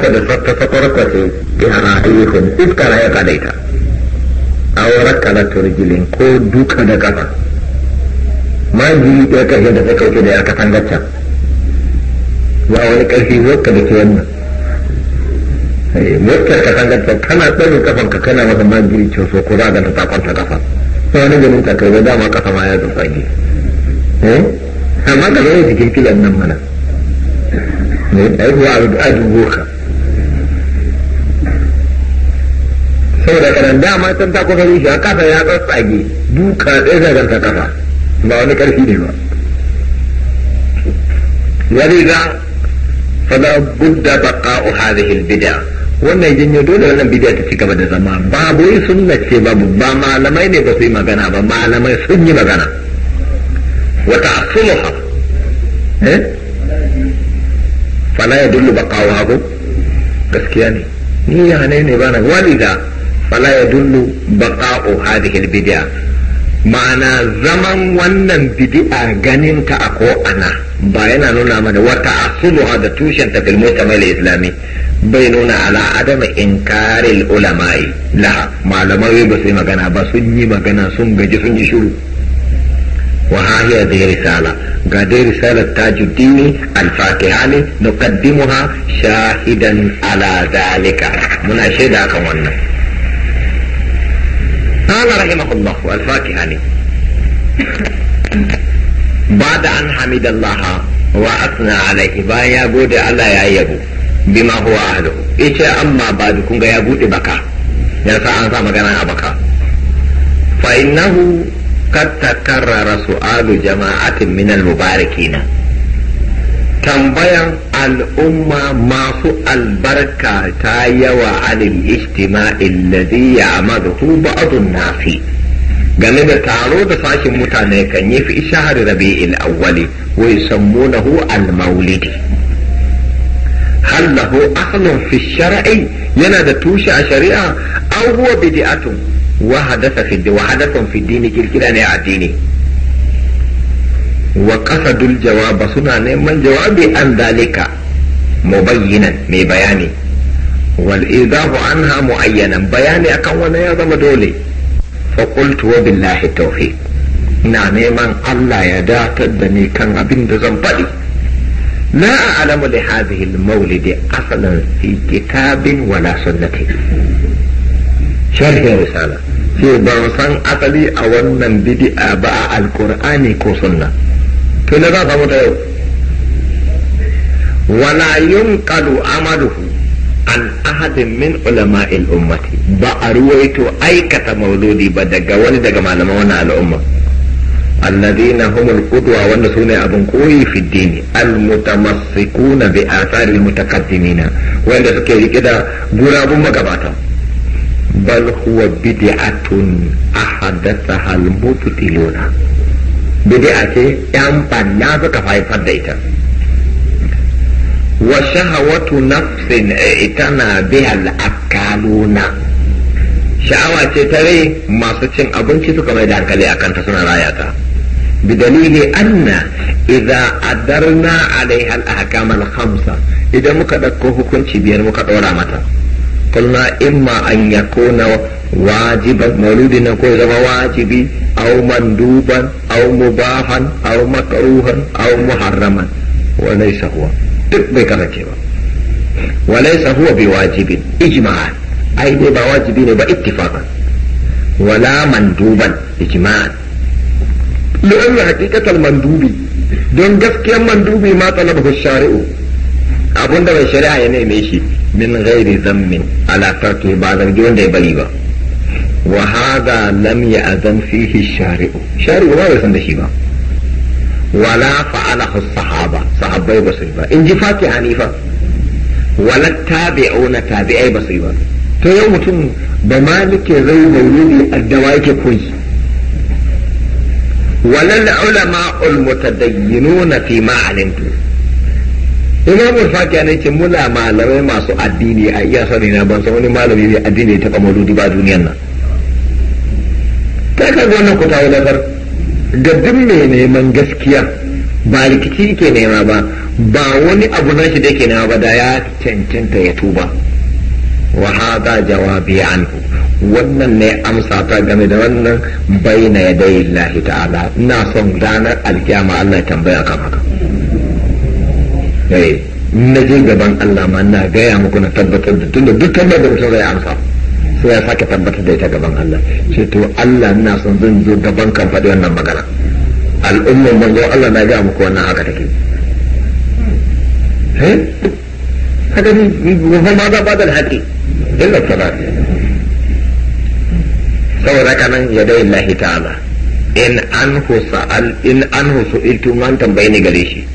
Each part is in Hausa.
ta da ta a yara kun iska na ya kadaita aurar kala turjilin ko duka da kafa maji ya kashe da ta kauce da ya kasan gacca wa wani ƙarfi wakka da ke wannan wakka kasan gacca kana tsarin kafan ka kana masa maji coso ko za ka ta takwanta kafa sai wani ganin ta kai dama kafa ma ya tsage amma ka zai jikin filan nan mana ne ai wa abu ka saboda kanan dama can ta kusa rushe a kasa ya tsatsage duka ɗaya zagar ta kafa ba wani ƙarfi ne ba fada budda بد بقاء هذه البدع wannan janyo dole wannan bidiya ta ci gaba da zama ba wai sunna ce ba ba malamai ne ba su yi magana ba malamai sun yi magana wata asuluha eh fala ya dullu baqawa ko gaskiya ne ni ya ne ne bana walida فلا يدل بقاء هذه البدعة ma'ana zaman wannan bidi'a ganin ta a ko'ana ba yana nuna mana wata asuluha da tushen ta fil mujtamal islami bai nuna ala adama inkaril ulama'i la malamai ba su yi magana ba sun yi magana sun gaji sun yi shiru wa hahiya da risala ga dai risalar tajuddini al-fatiha ne nuqaddimuha shahidan ala zalika muna shaida kan wannan قال رحمه الله والفاتحة لي. بعد أن حمد الله وأثنى عليه بايا بود الله يا يبو بما هو أهله إيش أما بعد كنت يا بود بكا يرفع أنسى مكانا بكا فإنه قد تكرر سؤال جماعة من المباركين tambayan al'umma masu albarka ta yawa alil ijtima'in ladhi ya'maduhu ba'dun nasi game da taro da sashin mutane kan yi fi shahar rabi'il awwali wai yusammunahu al-maulidi hal ahlun fi shar'i yana da tushe a shari'a An huwa bid'atun wa hadatha fi wa hadathan fi dini kirkira ne a addini wa ƙasa dul jawaba suna neman jawabi an dalika mubayyinan mai bayani wal an anha ayyana bayani akan wani ya zama dole fa billahi tawfiq ina neman Allah ya da ni kan abin da zan faɗi la a'lamu li hadhihi al-mawlid aslan kitabin wala sunnati sharhin risala sai ban san asali a wannan bidi'a ba a alqur'ani ko sunna to za samu da yau wala yunqadu amaluhu an ahadin min ulama'il ummati ba a ruwaito aikata mauludi ba daga wani daga malaman wannan al'umma الذين هم القدوة والنسون أبن قوي في الدين المتمسكون بآثار المتقدمين وإن سكيري كده قراب مقباتا بل هو بدعة أحدثها المبتلون bidi'a ce ‘yan banna suka faifar da ita wa sha'awatu nafsin e, ita na bihal akaluna sha'awa ce ta rai masu cin abinci suka mai da hankali a kanta suna rayata bidalili anna idza adarna alaiha al ahkam al khamsa idan muka dauko hukunci biyar muka dora mata قلنا إما أن يكون واجبا مولود نقول زما واجبي أو مندوبا أو مباحا أو مكروها أو محرما وليس هو تبقى رجبا وليس هو بواجب إجماعا أي با واجبين باتفاقا ولا مندوبا إجماعا لأن حقيقة المندوبي دون جفكي المندوب ما طلبه الشارع abin da bai shari'a ya neme shi min ghairi zammin ala tarki ba zargi wanda ya bari ba wa hadha lam ya'zam fihi shari'u shari'u ba bai san da shi ba wala fa'alahu sahaba sahabbai ba su yi ba in ji fati hanifa wala tabi'una tabi'ai ba su yi ba to yau mutum da malike zai maulidi addawa yake koyi wala ulama al mutadayyinuna fi ma alimtu imamul fakiya ne ce muna malamai masu addini a iya sani na ban san wani malami ne addini ta kama dudu ba duniyan nan ta kaga wannan kuta wani nazar ga duk mai neman gaskiya ba rikici yake nema ba ba wani abu na shi da yake nema ba da ya cancanta ya tuba wa hada jawabi anhu wannan ne amsa ta game da wannan bayna yadayillahi ta'ala ina son ranar alkiyama Allah ya tambaya kan haka eh na je gaban Allah ma na gaya muku na tabbatar da tunda duk kan da mutum zai amsa sai ya sake tabbatar da ita gaban Allah ce to Allah ina son zan zo gaban kan faɗi wannan magana al'ummar manzo Allah na gaya muku wannan haka take eh haka ni gaban ma za ba da haƙi illa salat saboda kanan ya dai Allah ta'ala in an husa in an husu iltu man tambaye ni gare shi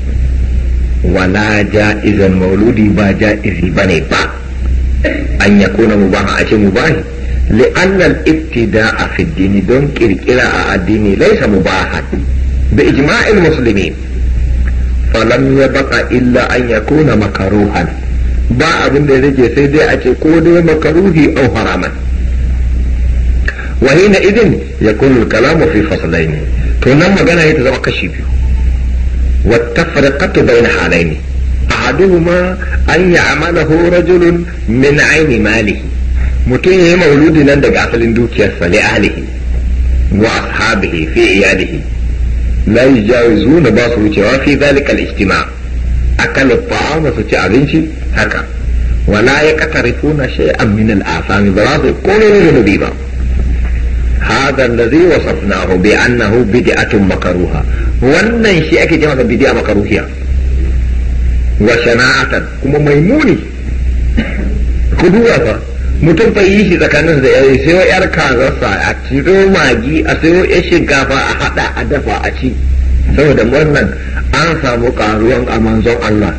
wala ja'izan mauludi ba ja'izi ba ne ba an ya kuna mu ba a ce mu ba ne li'annan ibtida a fiddini don ƙirƙira a addini laisa mu ba haɗu da ijma'il musulmi falam ya baka illa an ya kuna makaruhan ba abin da rage sai dai a ce ko dai makaruhi au haraman wahina idin ya kulu kalamu fi fasalaini to nan magana ya ta zama kashi biyu والتفرقة بين حالين أحدهما أن يعمله رجل من عين ماله mutum ya yi mauludi nan daga asalin dukiyarsa li ahlihi wa ashabihi fi iyalihi la yujawizuna ba su wucewa fi zalika al-ijtima akal ta'am su ci abinci haka wala yaqtarifuna shay'an min al-afami ba su komai ne ba هذا الذي وصفناه بأنه بدعة مكروهة wannan shi ake jama'a بدعة makaruhiya wa shana'atan kuma maimuni mutum fa yi shi tsakanin da yayi sai yar kazarsa a ciro magi a sayo yar shinkafa a hada a dafa a ci saboda wannan an samu karuwan a manzon Allah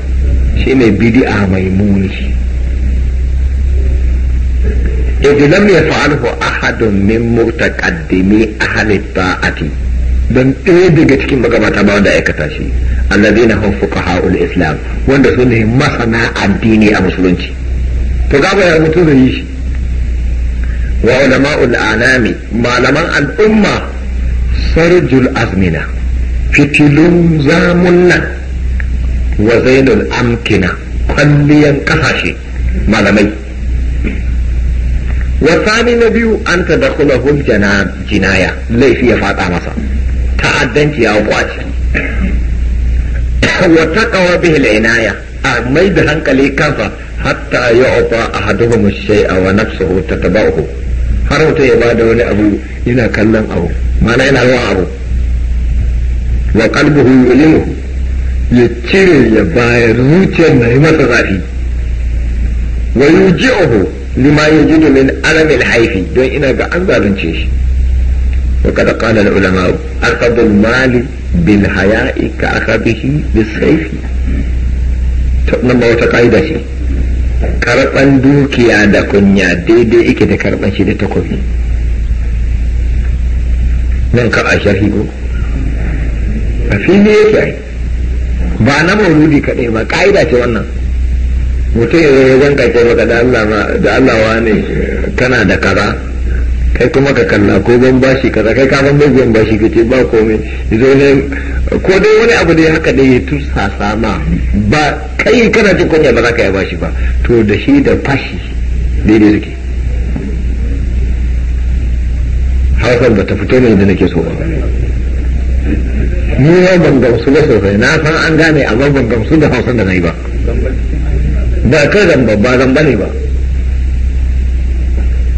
shine ne mai muni. إذ لم يفعله أحد من متقدمي أهل الطاعة don ɗaya daga cikin magabata ba wanda aikata shi allazina ul islam wanda su ne masana addini a musulunci to ga ya mutu da yi shi wa ulama ul anami malaman al'umma sarjul azmina fitilun zamun nan wa zainul amkina kwalliyan kasashe malamai wasani na biyu an ta da kula jinaya laifi ya faɗa masa ta'addanci ya kwace wata kawa bihil ya. a mai da hankali kansa hatta ya ofa a haduhu shay'a wa nafsuhu uku. har wata ya bada wani abu ina kallon abu mana yana ruwan abu wa qalbuhu yulimu ya cire ya bayar zuciyar na yi masa zafi wa yuji'uhu lima yajidu min alamil haifi don ina ga an zalunce shi وقد قال العلماء أخذ المال بالحياء كأخذه بالسيف nan ba wata ƙa'ida ce karɓan dukiya da kunya daidai da karɓan shi nan ka a sharhi a fili yake ai ba na mauludi kaɗai ba ƙa'ida ce wannan mutum ya zai zan kai maka da Allah da kana da kaza kai kuma ka kalla ko ban bashi kaza kai ka ban ban bashi ce ba komai yanzu ne ko dai wani abu da ya haka da ya tusa sama ba kai kana cin kunya ba za ka yi bashi ba to da shi da fashi daidai suke hausar ba ta fito ne da nake so ba ni ban gamsu ba sosai na san an gane amma ban gamsu da hausar da na yi ba ba ka zamba ba zamba ne ba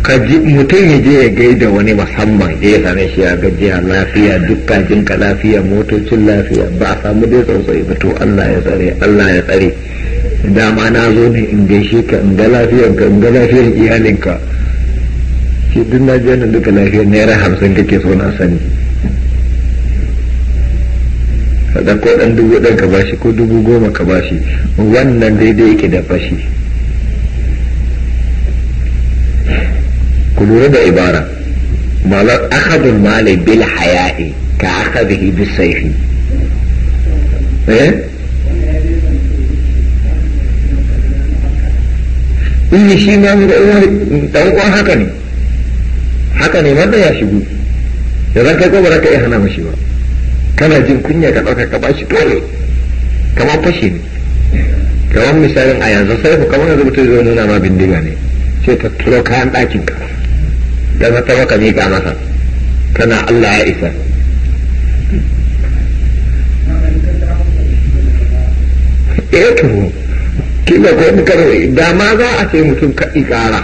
ka mutum ya je ya gaida wani musamman ya same shi ya gajiya lafiya duka jinka lafiya motocin lafiya ba a samu dai tsautsayi ba to Allah ya tsare Allah ya tsare dama na zo ne in gaishe ka in ga lafiyar ka in ga lafiyar iyalinka shi duk na je duka lafiyar naira hamsin kake so na sani ka ɗauko ɗan dubu ɗan ka bashi ko dubu goma ka bashi wannan daidai yake da fashi ku lura da ibara malar akhadul mali bil haya'i ka akadihi bis saifi eh in shi ma dan uwan haka ne haka ne wanda ya shigo da zan ko ba za ka hana mashi ba kana jin kunya ka ɗauka ka bashi dole kamar fashi ne kamar misalin a yanzu sai ku kamar yanzu mutum zai nuna ma bindiga ne sai ta turo kayan ɗakin ka dan ta baka miƙa masa kana Allah ya isa eh to ko mu karo da ma za a ce mutum ka ikara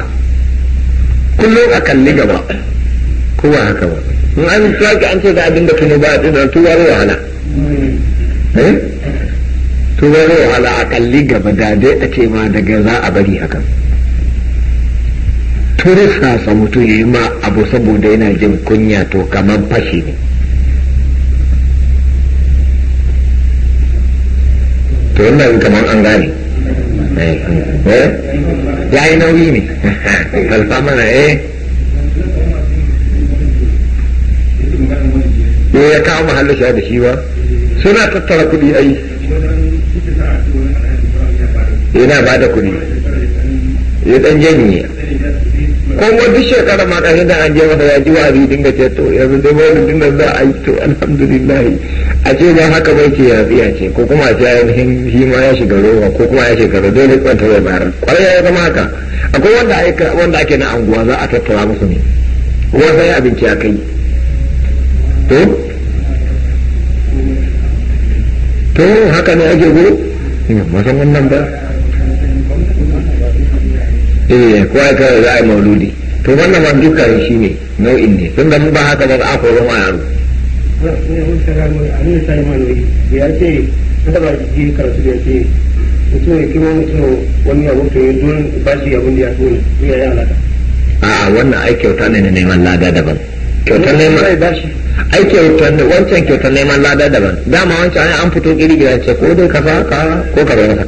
kullum a kalli gaba kowa haka ba in an sake an ce ga abin da kuma ba da tuwar wahala eh tuwar wahala a kalli gaba da dai a ce ma daga za a bari hakan turisa sa mutu yi ma abu saboda yana jin kunya to kamar fashi ne to wannan kamar an gane eh, eh? ya yi nauyi ne mana eh me ya kawo mahallin shi da shi ba suna tattara kuɗi ai yana ba da kuɗi ya dan janye ko wani shekara ma ɗan da an je masa ya ji wa wa'azi dinga ce to yanzu dai wani dinga za a yi to alhamdulillah a ce ba haka bai ce ya biya ce ko kuma a ce ainihin shi ma ya shiga roba ko kuma ya shiga roba dole kwanta zai bayar kwarai ya zama haka akwai wanda aika wanda ake na anguwa za a tattara musu ne wanda ya abinci a kai to to haka ne ake guru masan wannan ba eh ko ai kawai za a yi mauludi to wannan ma duka shi ne nau'in ne tun da mun ba haka ba za a koro ma yaro ya ce da ya ce ya kima ba shi da ya ya yi alaka a'a wannan ai kyauta ne na neman lada daban kyautar neman ai kyautar wancan kyautar neman lada daban dama wancan ai an fito iri gida ce ko dai ka ka ko ka bai masa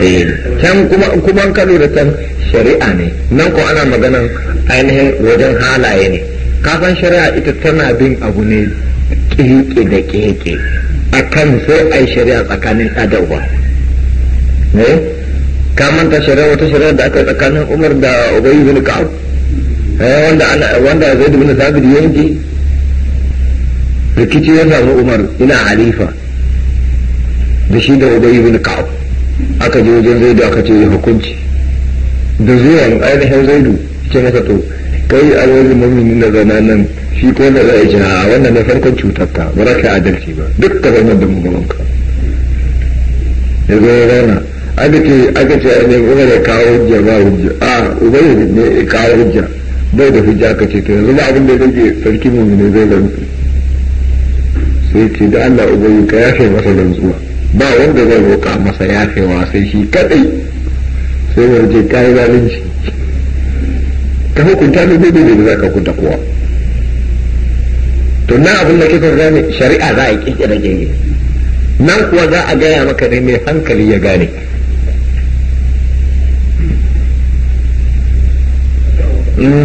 eh, can kuma kuma ka lura can shari'a ne nan ko ana maganan ainihin wajen halaye ne san shari'a ita tana bin abu ne kike da keke akan sai ai shari'a tsakanin adawa ne eh? ka manta shari'a wata shari'a da aka tsakanin Umar da Ubay bin Ka'ab Eh, wanda ana wanda zaid bin sabit yanki yanke rikici ya samu umar ina halifa da shi da ubay bin ka'ab aka je wajen zaidu aka ce hukunci da zuwa ainihin zaidu ce masa to kai alwajin mu'minin da zana nan shi ko na za a ji a wannan na farkon cutarka ba za ka adalci ba duk ka zama da mugabanka ya zo ya aka ce aka ce ainihin umar ya kawo hujja ba hujja a ubayi ne ya kawo hujja bai da hujja ka ce to yanzu ba abin da rage sarki mummune zai rantsu sai ce da Allah ubangi ka yafe masa rantsuwa ba wanda zai roƙa masa yafewa sai shi kadai sai je kai zalunci ka hukunta ne daidai da zaka hukunta kowa to na abin da kika gane shari'a za a kirkira gege nan kuwa za a gaya maka ne mai hankali ya gane Hmm.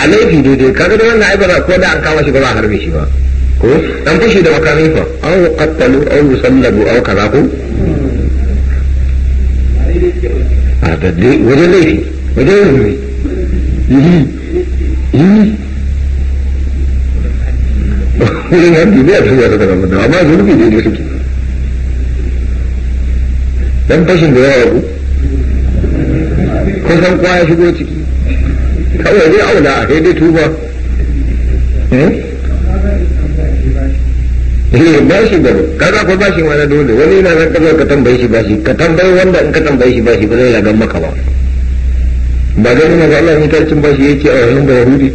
a laifi daidai kaga da wannan aibara ko da an kama shi ba za a harbe shi ba ko an yi da makami fa an qattalu aw yusallabu aw kaza ko a da dai yi laifi yi laifi yi haddi yi a cikin da yi amma yi daidai suke don fashin da ya rabu san kwaya shigo ciki kawai zai auna a kai dai tuba eh, eh bashi gaba kaza ko shi wani dole wani yana zan kaza ka tambaye shi bashi ka tambaye wanda in ka tambaye shi bashi ba zai lagan maka ba ba gani na Allah ne ta cin bashi yake a wajen Yahudi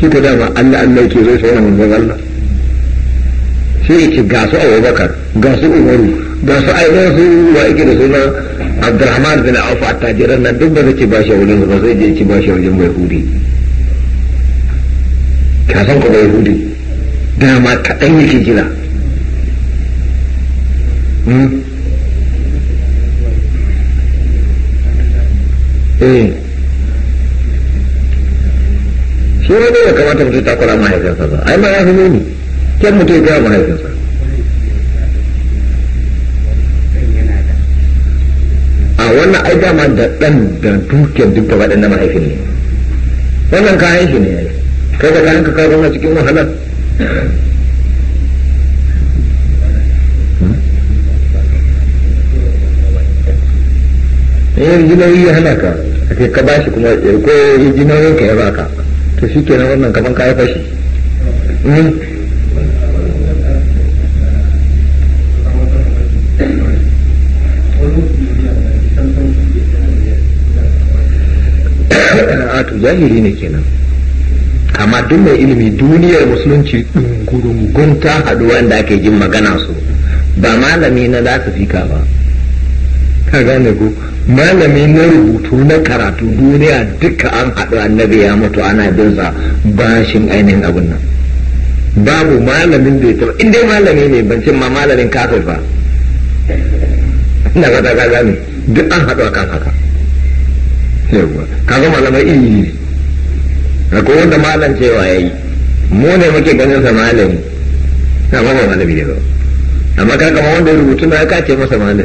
shi ka dama Allah Allah yake zai sai na manzon Allah sai yake gasu Abubakar gasu Umaru da su ainihin su wa ake da suna abdurrahman bin auf attajiran nan duk ba zai ci ba shi wajen ba zai je ci ba shi wajen bai hudi ka san ko bai hudi dama kaɗan yake gina hmm? eh shi ne ya kamata mutu ta kula mahaifinsa ba ai ma ya fi nuni kyan mutu ya kira mahaifinsa wannan ai dama da dan da dukiyar duk gaba na mahaifin ne wannan kayan shi ne kai da kayan ka kawo zama cikin wahalar hmm? eh, yin jinawi ya hana ka a ce ka bashi kuma eh, ko jinawi ka ya baka to shi kenan wannan kaman ka yi fashi hmm? a zahiri ne kenan amma duk mai ilimi duniyar musulunci ɗungurungun ta haɗu wanda ake jin magana su ba malami na za su fika ba ka gane ko malami na rubutu na karatu duniya duka an haɗu annabi ya mutu ana binsa bashin ainihin abin nan babu malamin da ya taɓa inda malami ne ban ma malamin kafir ba na ga ta gane duk an haɗu kan haka yawwa kaga malamai iri ne akwai wanda malam cewa yayi mu ne muke ganin sa malami na ba malami ne ba amma ka kama wanda rubutu na ka ce masa malami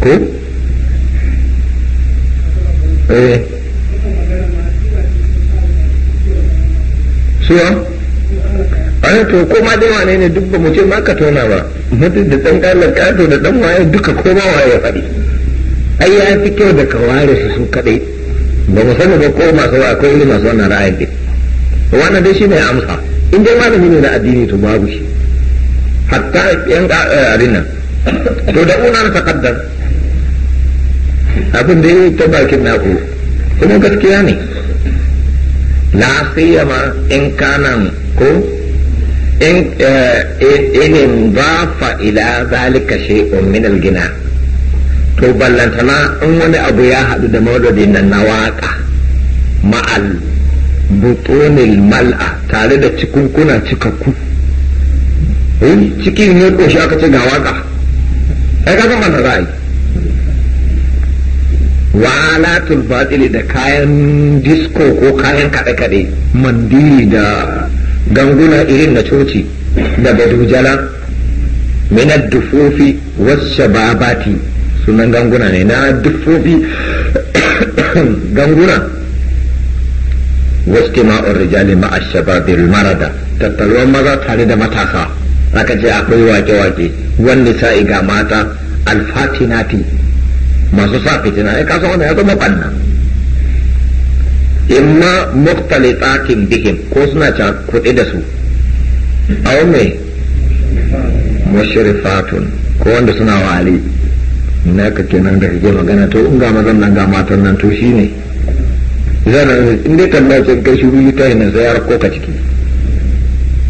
ko eh suwa ai to ko ma dai wane ne duk ba mu ce ma ka tona ba mutum da dan kalar kato da dan waye duka ko ma waye ya faɗi ai ya fi kyau da ka ware su su kadai ba mu sani ba ko masu akwai ilimin masu wannan ra'ayin din wannan dai shine amsa in dai malami ne na addini to babu shi hatta yan arin nan to da unar taqaddam abin da yi ta bakin naku kuma gaskiya ne siya ma in kanan ko in eh, eh, eh, in ba fa ila zalika shay'un min al-gina' to ballantana in wani abu ya haɗu da maulidin nan na waƙa ma'al butonil mal'a tare da cikunkuna cikakku eh, cikin ne ƙoshi aka ce ga waƙa ai ka zama na ra'ayi walatul batili da kayan disko ko kayan kaɗe-kaɗe mandiri da ganguna irin na coci da badujala minad dufofi wasu shababati sunan ganguna ne na dufofi ganguna wasu ma'un rijali ma'a mara da. tattaruwar maza tare da matasa aka ce akwai wake-wake wanda sa'i ga mata alfatinati masu sa fitina ya kasa wanda ya zama banna imma tsakin bikin ko suna ca kuɗi da su a wani mashirifatun ko wanda suna wali na ka kenan da kake magana to in ga mazan nan ga matan nan to shi ne zana in dai kan dace ga shi wuri ta yana zayar ko ka ciki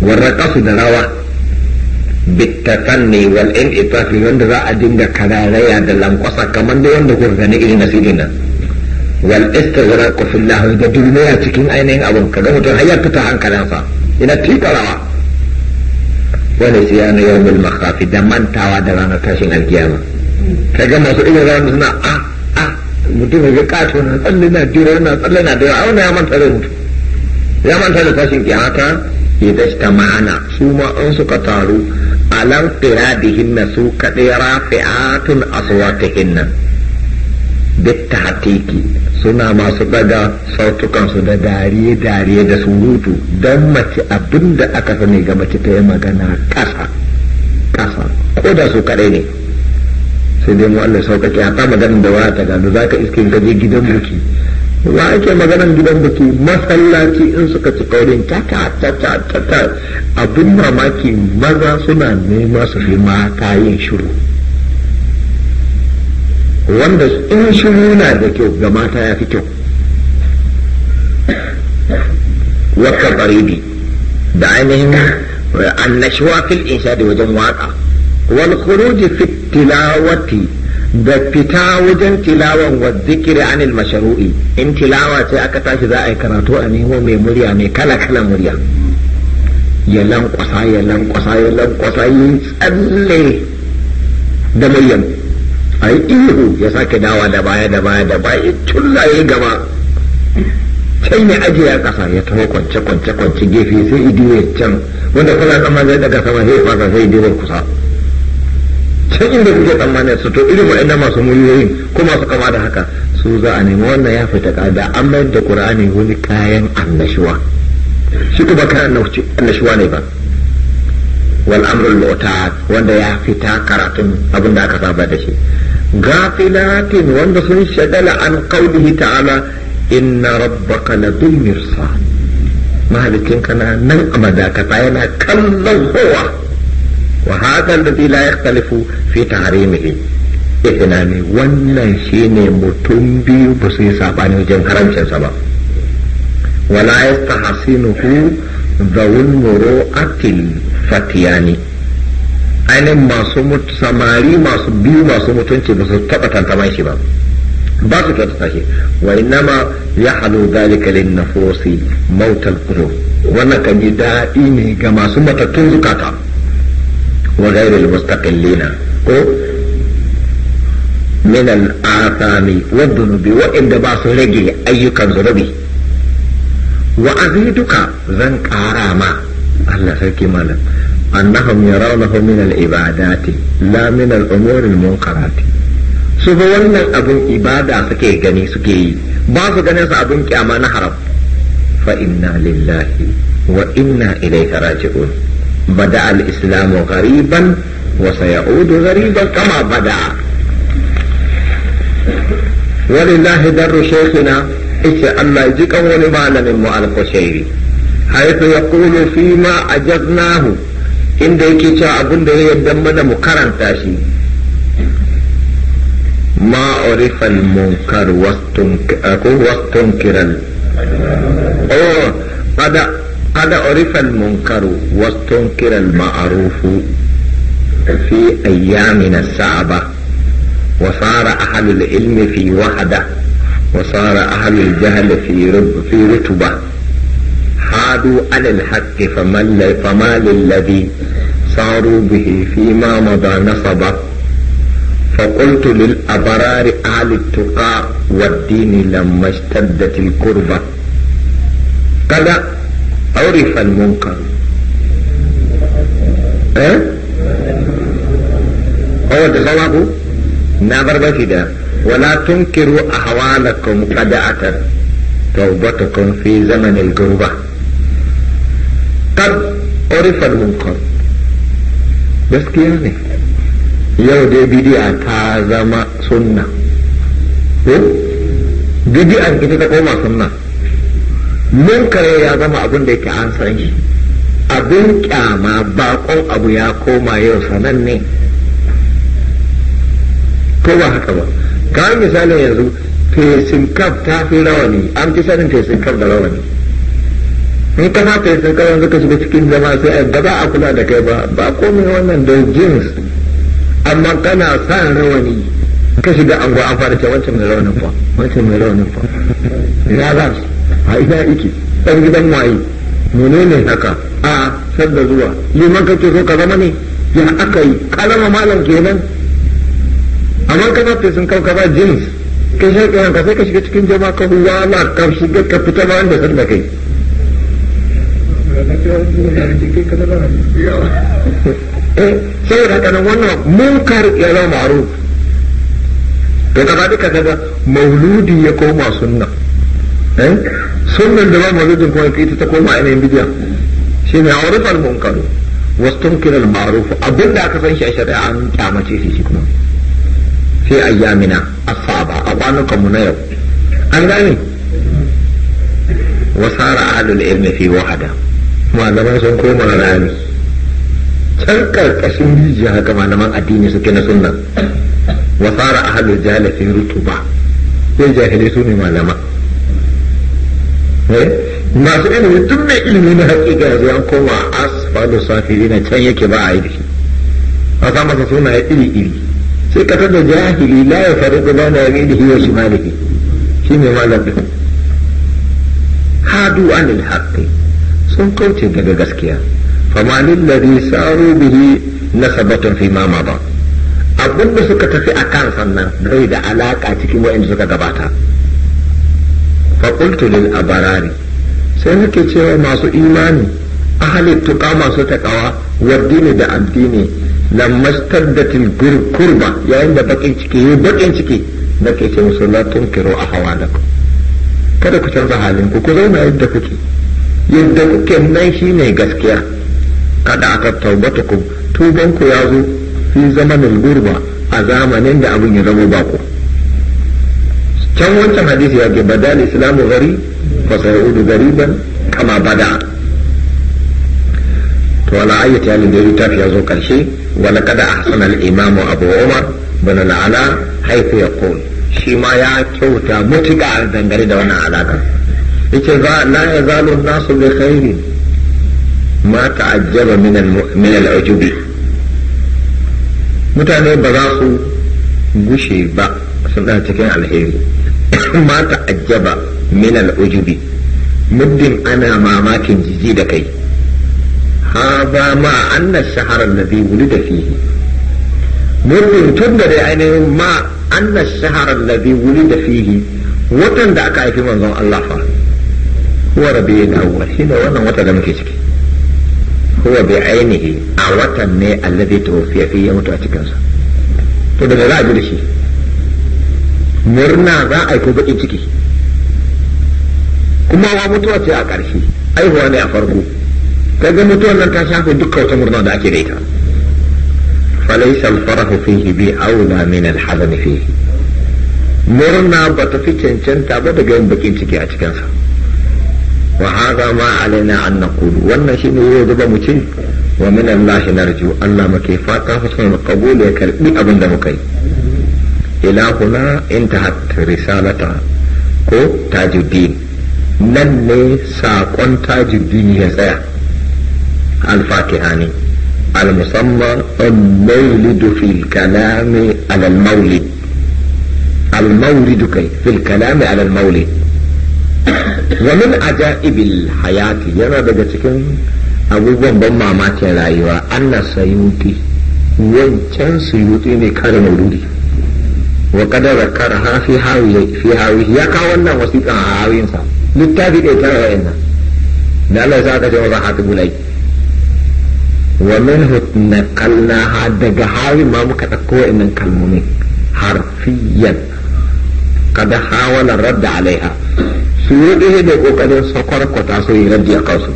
warra kasu da rawa ne wal in'itafi wanda za a dinga kararaya da lankwasa kamar da wanda kuka gani irin sirri nan wal istighraqu fillah da duniya cikin ainihin abun kaga mutum har fita hankalinsa ina tikarawa wani siyanu yawmul makhafi da mantawa da ranar tashin alkiyama ka ga masu irin ranar suna a ah, a ah, mutum ga kato na tsalle na jira na tsalle na da auna ya manta da mutu ya manta da tashin ya idan ta ma'ana su ma an suka taru da hinna su kadai rafi'atun aswatihin bitta hatiki suna masu daga sautukansu da dariye-dariye da surutu don mace da aka sani ga mace ta yi magana ƙasa ƙasa ko da su kaɗai ne sai dai mu Allah sauƙaƙe hatta maganin da wa ta gano za ka iske ka je gidan buki ba ake maganan gidan buki masallaci in suka ci kaurin ta ta ta ta ta ta abin mamaki maza suna nema su fi mata yin shiru wanda in shiru na da kyau ga mata ya fi kyau wata ƙaribi da ainihin annashuwa fil insha da wajen waƙa wal khuruj fi tilawati da fita wajen tilawar wa zikiri anil masharu'i in tilawa ce aka tashi za a yi karatu a nemo mai murya mai kala kala murya ya lankwasa ya lankwasa ya lankwasa yi tsalle da muryan a yi ihu ya sake dawa da baya da baya da baya ya gaba can ajiye a ƙasa ya taho kwance kwance kwance gefe sai idiyo can wanda kuna zai daga sama sai fasa sai idiyo kusa can inda kuke tsammanin su to irin waɗannan masu muliyoyin ko masu kama da haka su za a nemi wannan ya fita kada an mayar da qur'ani wani kayan annashuwa shi kuma kayan annashuwa ne ba wal amrul wanda ya fita karatun abin da aka saba da shi gafilatin wanda sun shagala an qaulihi ta'ala inna rabbaka ladul mirsad mahalikin na nan a madakata yana kallon kowa وهذا الذي لا يختلف في تحريمه itinami wannan shine mutum biyu ba su yi saɓani wajen sa ba wala ya tahasinuhu zawun fatiyani ainihin masu samari masu biyu masu mutunci ba su taɓa tantama shi ba ba su kyautata shi wa inama ya halu zalika lin nafusi mautal qulub wannan kan ji daɗi ne ga masu matattun zukata wa ghairil na. ko min al-athami wa dhunubi wa ba su rage ayyukan zunubi Wa'azi duka zan ƙara ma Allah sarki malam annahum yarawnahu min al-ibadati la min al-umuri al-munkarati su ba wannan abin ibada suke gani suke yi ba su ganin su abin kyama na haram fa inna lillahi wa inna ilaihi raji'un بدا الاسلام غريبا وسيعود غريبا كما بدا ولله در شيخنا إيش الله يجيك أول معنا من مؤلف الشيري حيث يقول فيما أجبناه إن ديكي شاء أبن دي يدمنا مكرم تاشي ما عرف المنكر وقت كرن واستنكر قد قد عرف المنكر واستنكر المعروف في أيامنا الصعبة وصار أهل العلم في وحدة وصار أهل الجهل في رب في رتبة حادوا على الحق فما فما للذي صاروا به فيما مضى نصبا فقلت للأبرار أهل التقى والدين لما اشتدت الكربة قد عرف المنكر ها هو تصوابه نظر بكده ولا تنكروا أحوالكم قد أتت توبتكم في زمن القربة قد عرف المنكر بس يعني yau dai bidi'a ta zama sunna bidi'an ita ta koma sunna munkare ya zama abin da yake an san abin kyama bakon abu ya koma yau sananne ko ba haka ba ga misalin yanzu fesin kaf ta fi rawani an fi sanin fesin kaf da rawani in ka sa fesin kaf yanzu ka shiga cikin zama sai a gaba a kula da kai ba ba komai wannan da jins amma kana sa rawani ka shiga gwa an fara ce wancan mai rawanin fa wancan mai rawanin fa ya za su a ina yake ɗan gidan waye menene haka a da zuwa liman kake so ka zama ne ya aka yi kalama malam kenan amma ka zafi sun kauka ba jins ka shi ka sai ka shiga cikin jama ka huwa la ka shiga ka fita ba da kai eh, saboda haka nan wannan munkar ya zama ma'ruf to gaba duka daga mauludi ya koma sunna Eh? sunnan da ba mazujin kuma ita ta koma a ainihin bidiya shi ne aurifar munkaru واستنكر المعروف أبدا da aka san shi a shari'a an kyamace shi shi kuma sai ayyamina asaba a saba kwanukan mu na yau an gane wasara ahlul ilmi fi wahada malaman sun koma na rami can karkashin rijiya haka malaman addini suke na sunna wasara ahlul jahil fi rutuba sai jahilai su ne malaman Eh? masu ilimi tun mai ilimi na hakika yanzu an koma asfalu safiri na can yake ba a yi da shi a sa masa suna ya iri iri sai ka da jahili la ya faru da ba na yami da shi maliki shi ne malam din hadu anil haƙƙi sun kauce daga gaskiya fama lillazi saru bihi nasabatun fi ma mada abinda suka tafi a kan sannan rai da alaƙa cikin wa'anda suka gabata faƙultu lil abarari sai nake cewa masu imani ahalin tuƙa masu taƙawa wardini da addini lammastar da tilbir yayin da baƙin ciki yi baƙin ciki da ke ce musu la tunkiru a hawa da kada ku canza halin ku ku zauna yadda kuke yadda kuke nan shi ne gaskiya kada aka taubata ku tuban ku ya zo fi zamanin gurba a zamanin da abin ya zama bako can wancan hadisi ya ke badal islamu gari udu gari gariban kama bada to ala ayyati halin da littafi ya zo karshe wala kada ahsana imam abu umar bin al-ala haifu yaqul shi ya kyauta mutuka dangane da wannan alaka yace za la yazalu an-nasu bi khairin ma ta'ajjaba min min al-ujubi mutane baza su gushe ba suna cikin alheri ma ta ajaba min al'ujubi muddin ana mamakin jiji da kai Ha ba ma annas shahar alladhi wulida fihi muddin tun da dai ainihin ma annas shahar alladhi wulida fihi watan da aka haifi manzon Allah fa huwa rabiul awwal shine wannan wata da muke ciki huwa bi ainihi a watan ne alladhi tuwfiya fihi mutu a cikinsa to daga za a ji da shi murna za a yi ko baƙin ciki kuma wa mutuwa ce a ƙarshe aihuwa ne a farko kaga mutuwa nan ta shafe duk kautar murna da ake da ita falaisa alfarahu fihi bi aula min alhazan fihi murna ba ta fi cancanta ba daga yin baƙin ciki a cikinsa wa haza ma alaina an naqulu wannan shine yau da mu ce wa allah narju allah muke fata fa sai mu kabule karbi abin da muka yi إلى هنا انتهت رسالتها كو تاج الدين نلي ساقون تاج الدين يسع الفاتحاني المسمى المولد في الكلام على المولد المولد كي في الكلام على المولد ومن عجائب الحياة يرى بجتكم abubuwan ban mamakin rayuwa أن سيوتي وين كان سيوتي kare mauludi wa kada zakara ha fi hawi fi hawi ya kawo wannan wasiƙa a hawiyinsa littafi ɗaya tara ina da Allah ya sa ka ce hatu bulai wa min hutna kalna ha daga hawi ma muka ɗauko wa'annan kalmomin harfiyan kada hawala radda alaiha su ruɗe da ƙoƙarin kwata su yi radda a kansu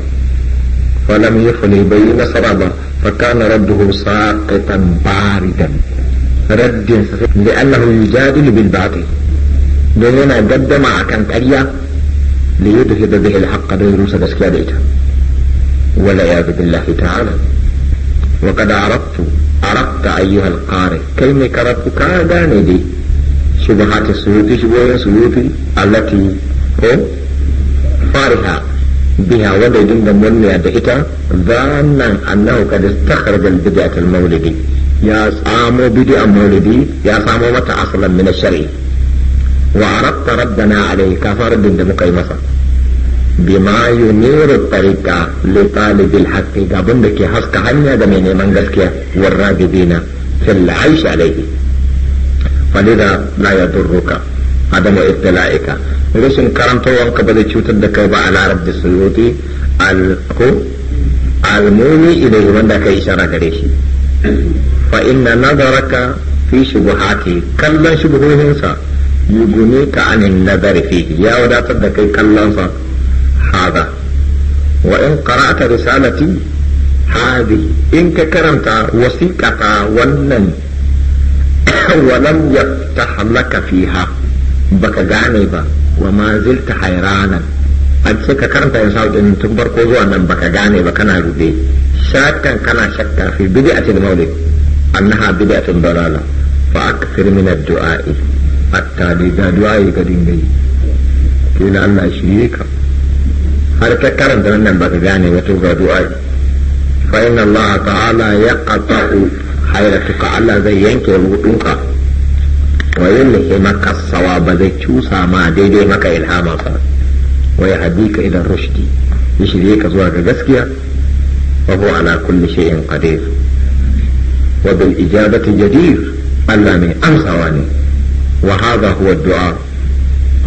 falam yufli bai na ba fa kana radduhu saqitan baridan رد لأنه يجادل بالباطل دوننا جد مع كانت أيا ليدهب به الحق بين روسى بسكابيتا والعياذ بالله تعالى وقد عرفت عرفت أيها القارئ كلمة كربك كاداني دي سبحات السيوطي شبهات السيوطي التي هو فارها بها ولد من دمونا بهتا ظانا أنه قد استخرج البدعة المولدي ya tsamo a maulidi ya samo mata asalin min shari wa aratta rabbana alai ka faradin da muka yi masa bima yuniru tariqa li talibil haqqi gabin da ke haska hanya ga mai neman gaskiya war rabibina fil aisha alaihi falida la yadurruka adamu ittila'ika rashin karantowanka ba zai cutar da kai ba a larabci suyuti al ko al muni ilaihi wanda kai ishara gare shi fa inna nazaraka fi shubuhati kallon shubuhohinsa yugune ka anin nazari fihi ya wadatar da kai kallonsa haza wa in qara'ata risalati hadi in ka karanta wasiqata wannan walam yaftah laka fiha baka gane ba wa ma zilta hayranan an ce ka karanta yin sa'udin tun farko zuwa nan baka gane ba kana rube shatan kana shakka fi bidi a cikin maulid أنها بدعة ضلالة فأكثر من الدعاء التالي ذا دعاء قديم بي قيل أن شريك هل تكرم أن بغداني وتبغى دعاء فإن الله تعالى يقطع حيرتك على زي ينكي وغطنك ويلهمك الصواب زي تشوسا ما ديدي مك إلهاما ويهديك إلى الرشد يشريك زواج غسكيا وهو على كل شيء قدير وبالإجابة جدير علمي أنصواني وهذا هو الدعاء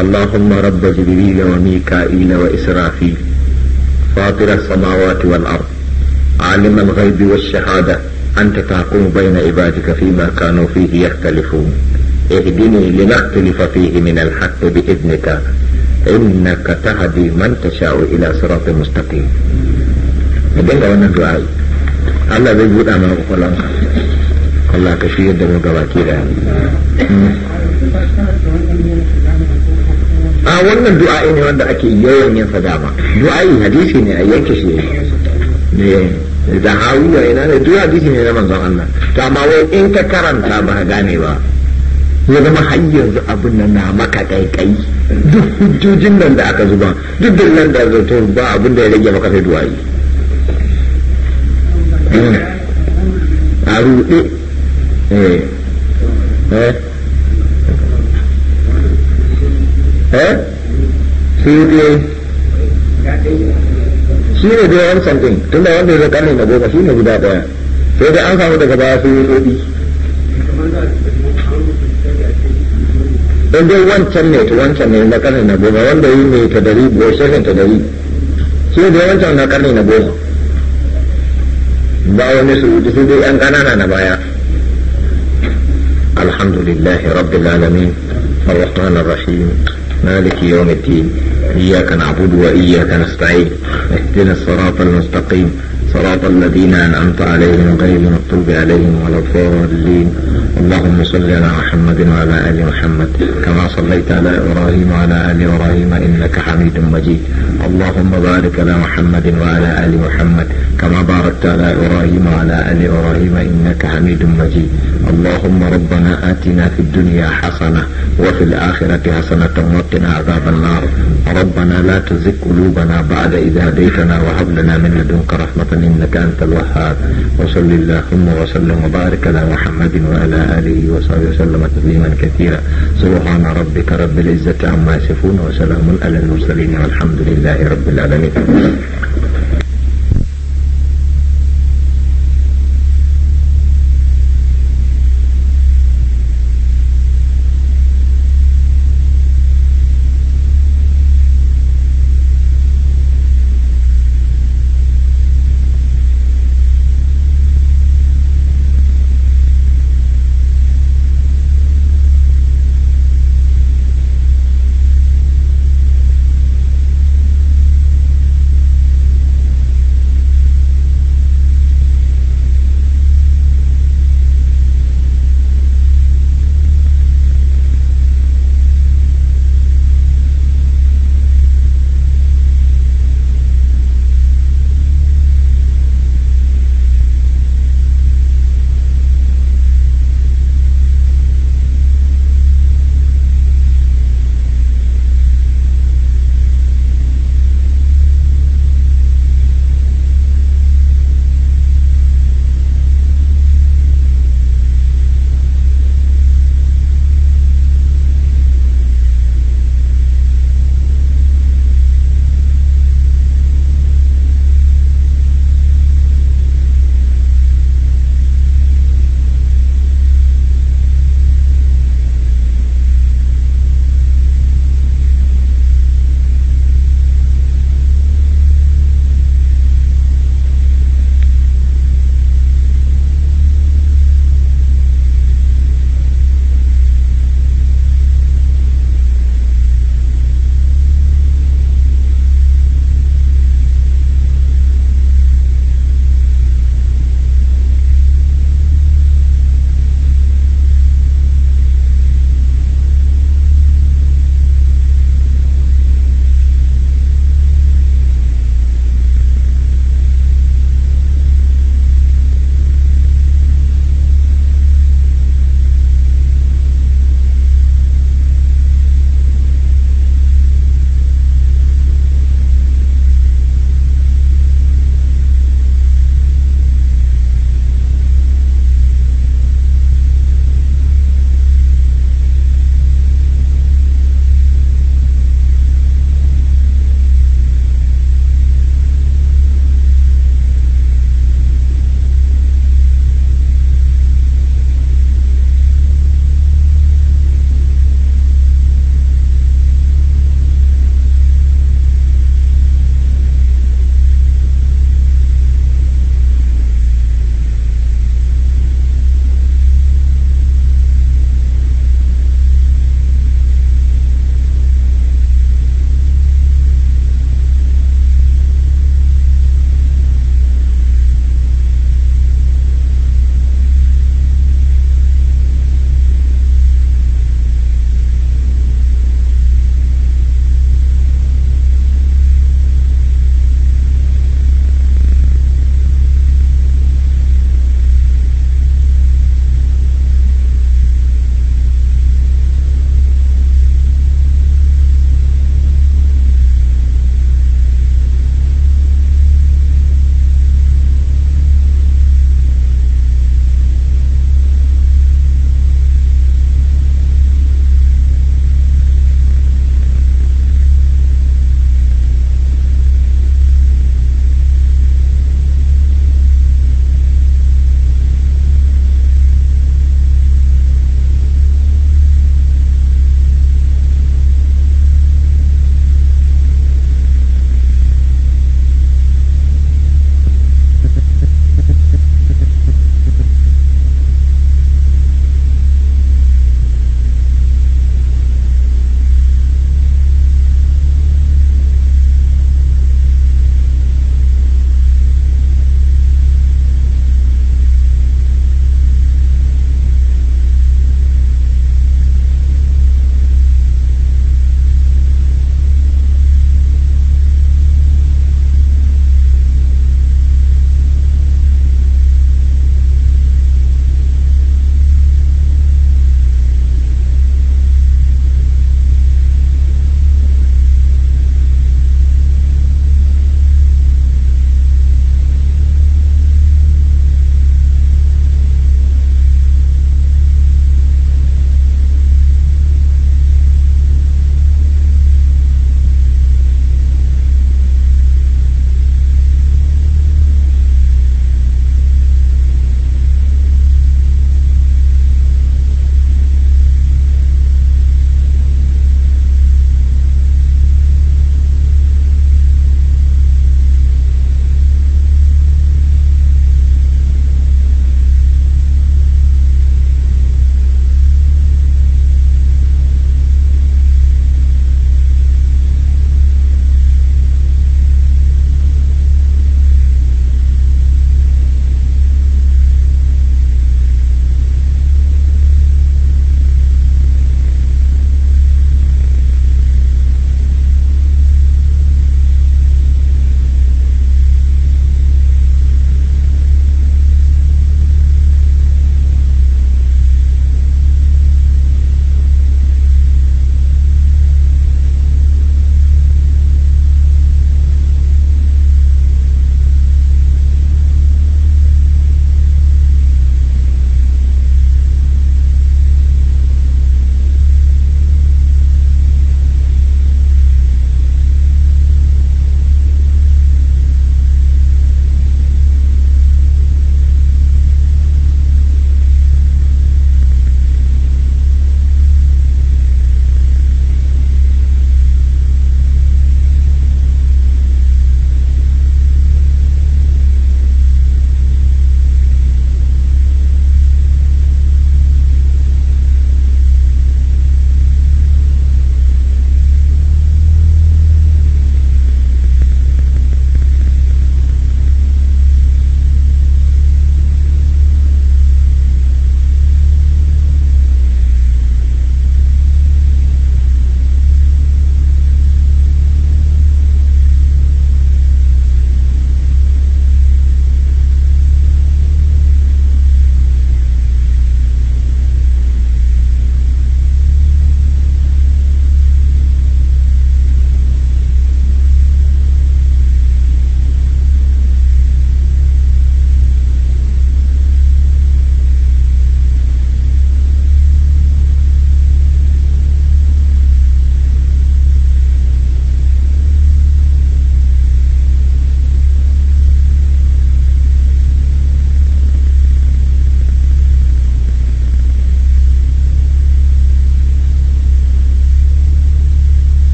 اللهم رب جبريل وميكائيل وإسرافيل فاطر السماوات والأرض عالم الغيب والشهادة أنت تحكم بين عبادك فيما كانوا فيه يختلفون اهدني لما اختلف فيه من الحق بإذنك إنك تهدي من تشاء إلى صراط مستقيم. هذا هو الدعاء. Allah zai buɗa ma kwakwalwanka Allah ka shirya da mu gaba ke da a wannan du'a'i ne wanda ake yawan yin sa dama du'a'i hadisi ne a yanke shi ne da hawiya ina ne Dua hadisi ne na manzon Allah to amma wai in ka karanta ba gane ba ya zama har yanzu abin nan na maka kaikai duk hujjojin nan da aka zuba duk da nan da zato ba abin da ya rage maka sai du'a'i a ruɗe eh eh shi ne shi ne dai wancan din tunda wanda ya karni na goma shi ne guda ɗaya sai dai an samu daga baya sun yi tsodi in dai wancan ne ta wancan ne na karni na goma wanda yi ne ta dari biyar shirin ta dari shi ne dai wancan na karni na goma bawani sujudi su dai yan ƙanana na baya alhamdulillahi rabbil الرحمن الرحيم مالك يوم الدين إياك نعبد وإياك نستعين اهدنا الصراط المستقيم صراط الذين أنعمت عليهم غير المغضوب عليهم ولا الضالين اللهم صل على محمد وعلى آل محمد كما صليت على إبراهيم وعلى آل إبراهيم إنك حميد مجيد اللهم بارك على محمد وعلى آل محمد كما باركت على إبراهيم وعلى آل إبراهيم إنك حميد مجيد اللهم ربنا آتنا في الدنيا حسنة وفي الآخرة حسنة وقنا عذاب النار ربنا لا تزغ قلوبنا بعد إذ هديتنا وهب لنا من لدنك رحمة إنك أنت الوهاب وصل اللهم وسلم وبارك على محمد وعلى آله وصحبه وسلم تسليما كثيرا سبحان ربك رب العزة عما يصفون وسلام على المرسلين والحمد لله رب العالمين